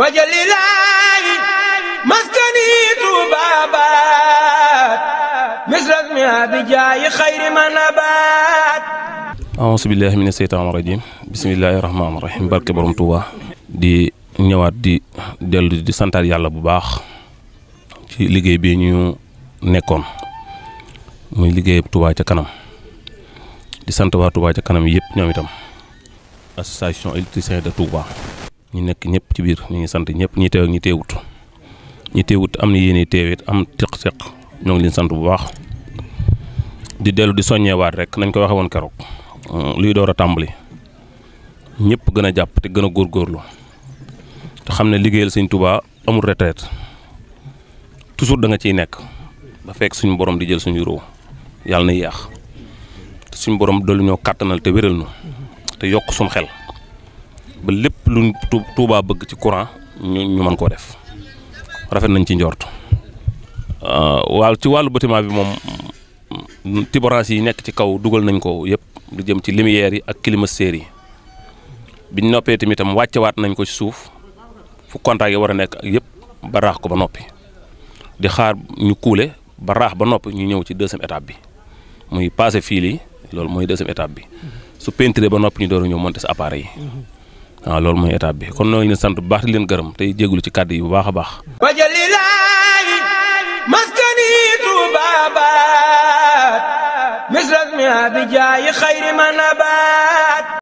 wajalilaayi maskani tuubaabaat misras mi abijaayi xayri manabaat bismillaahi rahmaani rahiim barke borom di ñëwaat di dellu di santaat yàlla bu baax ci liggéey bi ñu nekkoon muy liggéey Tuuba ca kanam di sant waa Tuuba ca kanam yëpp ñoom itam association électricien de Touba ñu nekk ñëpp ci biir ñu ngi sant ñëpp ñi teew ak ñi teewut ñi teewut am na yéene teewit am teq-teq ñoo ngi leen sant bu baax di dellu di soññeewaat rek nañ ko waxee woon keroog euh, luy door a tàmbali ñëpp gën a jàpp te gën a góorgóorlu te xam ne liggéeyal sëñ Tuubaa amul retraite toujours da nga ciy nekk ba fekk suñu borom di jël suñu roo yàlla na yéex suñu borom doolu ñoo kàttanal te wéral na te yokk suñu xel. ba lépp lu Touba bëgg ci courant ñu ñu mën koo def rafet nañ ci njort euh, waaw ci wàllu bâtiment bi moom tiborance yi nekk ci kaw dugal nañ ko yëpp lu jëm ci lumière yi ak climatiseurs yi biñ noppee tamit tam wàccewaat nañ ko ci suuf fu contact yi war a nekk ak yëpp ba raax ko ba noppi di xaar ñu kuule ba raax ba noppi ñu ñëw ci deuxième étape bi muy passé fil yi loolu mooy deuxième étape bi su peinturé ba noppi ñu door a ñëw monter sa appareil yi waaw ah, loolu mooy étape bi kon noo ngi sant bu baax di leen gërëm tey jégalu ci kàddu yi bu baax a baax. wajalilaayi maskani tuubaabaat misras mi abijaayi xayri ma nabaat